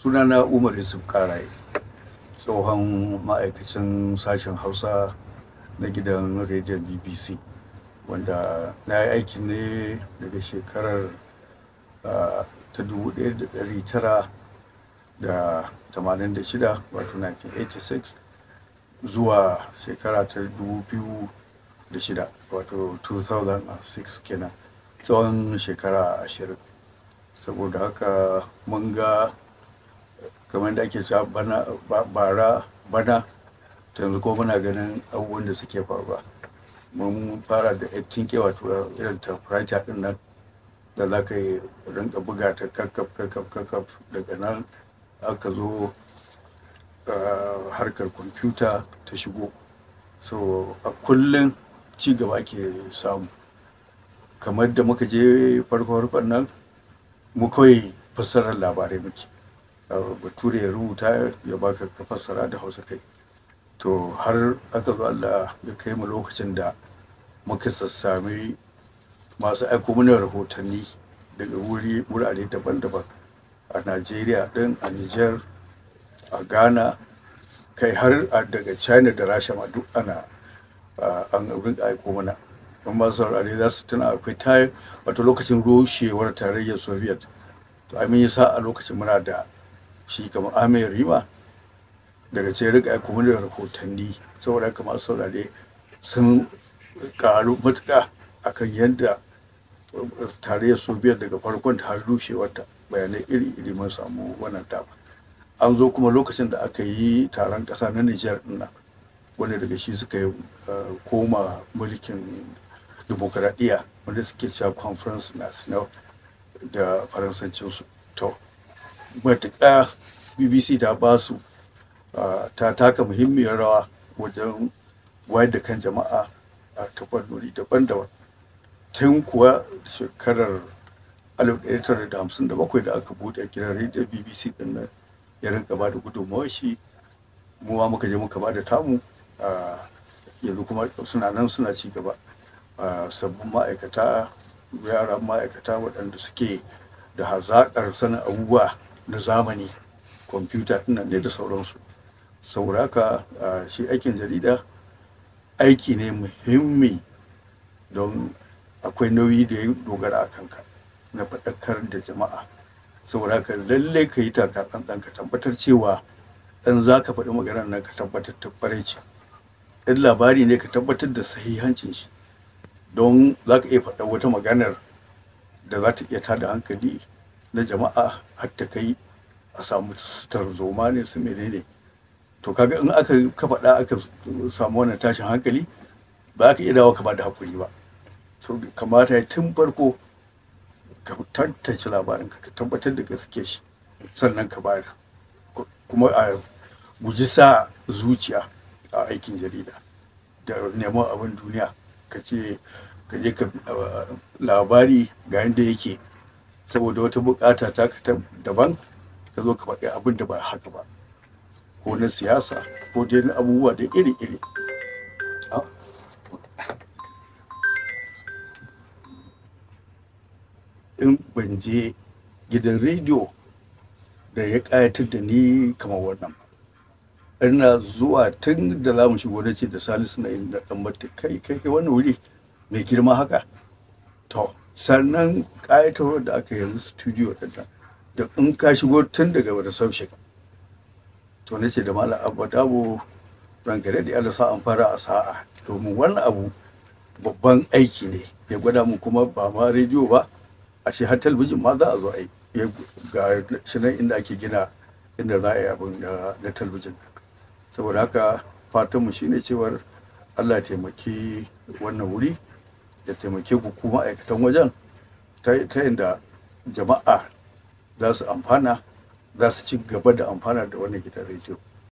sunana umar yusuf karai tsohon ma'aikacin sashen hausa na gidan rediyon bbc wanda na yi aiki ne daga shekarar ah, ta dubu da da tamanin shida, wato 1986 zuwa shekara ta dubu biyu da shida, wato 2006 kenan tsawon shekara ashirin saboda haka mun ga kamar da ake cewa bana bara bana yanzu ko muna ganin abubuwan da suke faruwa mun fara da ettin kewa tura irin ta furaja din nan da za ka yi rinka buga ta kakkaf kakkaf kakkaf daga nan aka zo ah, harkar kwamfuta ta shigo so a kullum ci gaba ke samu kamar da muka je farko farkon nan mu kawai fassarar labarai muke bature ya rubuta ya baka ka fassara da hausa kai to har aka zo Allah ya kai mu lokacin da muka sassami masu aiko mana rahotanni daga wuri wurare daban-daban a Najeriya din a Niger a Ghana kai har daga China da Rasha ma duk ana an rinka aiko mana in ba su saurare za su tuna akwai tayi wato lokacin rushewar tarayyar Soviet to amin yasa a lokacin muna da shi kamar amir rima daga ce rika aiko kuma da rahotanni saboda haka masu saurare sun karu matuka akan yadda tarayyar soviet daga farkon har rushewarta bayanai iri-iri mun samu wannan dama an zo kuma lokacin da aka yi taron ƙasa na nijar ɗin wanda daga shi suka yi eh, koma mulkin dimokuraɗiyya wanda suke cewa conference national da faransancinsu to matuƙa bbc ta ba su ta taka muhimmiyar rawa wajen wayar da kan jama'a a tafannoni daban-daban tun kuwa shekarar 1957 da aka buɗe gidan rediyon bbc din nan ya rinka ba da gudunmawar shi mu ma muka je muka ba da tamu yanzu kuma suna nan suna ci gaba sabbin ma'aikata yara ma'aikata waɗanda suke da hazaƙar sanin abubuwa na zamani kwamfuta tunan ne da sauransu saboda ka shi aikin jarida aiki ne muhimmi don akwai nauyi da ya dogara a kanka na faɗakar da jama'a saboda ka lallai ka yi taka tsantsan ka tabbatar cewa ɗan za ka faɗi maganar nan ka tabbatar ta ce ɗan labari ne ka tabbatar da sahihancin shi don za ka iya faɗa wata maganar da za ta iya tada hankali na jama'a har ta kai a samu zoma ne su menene to kaga in aka ka aka samu wannan tashin hankali ba ka iya dawo ka ba da hakuri ba so kamata ya tun farko ka tantance labarin ka ka tabbatar da gaske shi sannan ka bayar kuma a guji sa zuciya a aikin jarida da neman abin duniya ka ce ka je ka labari ga yadda yake saboda wata bukata ta daban ka zo ka faɗi abin da ba haka ba ko na siyasa ko dai na abubuwa da iri-iri in ban je gidan rediyo da ya ƙayatar da ni kamar wannan ina zuwa tun da za mu shigo da ce da salisu na yin da ɗan kai kai wani wuri mai girma haka to sannan ƙayatarwar da aka yanzu studio ɗin da in ka shigo tun daga wata sabshin to na ce da malam abba dabo rangare da yalda sa an fara a sa'a domin wannan abu babban aiki ne ya gwada mu kuma ba ma rediyo ba a shi har talbijin ma za a zo a yi ga shi nan inda ake gina inda za a yi abin na talbijin saboda haka fatanmu shine cewar allah taimaki wannan wuri ya taimake ku kuma ma'aikatan wajen ta yadda jama'a za su amfana za su ci gaba da amfana da wannan gidan rediyo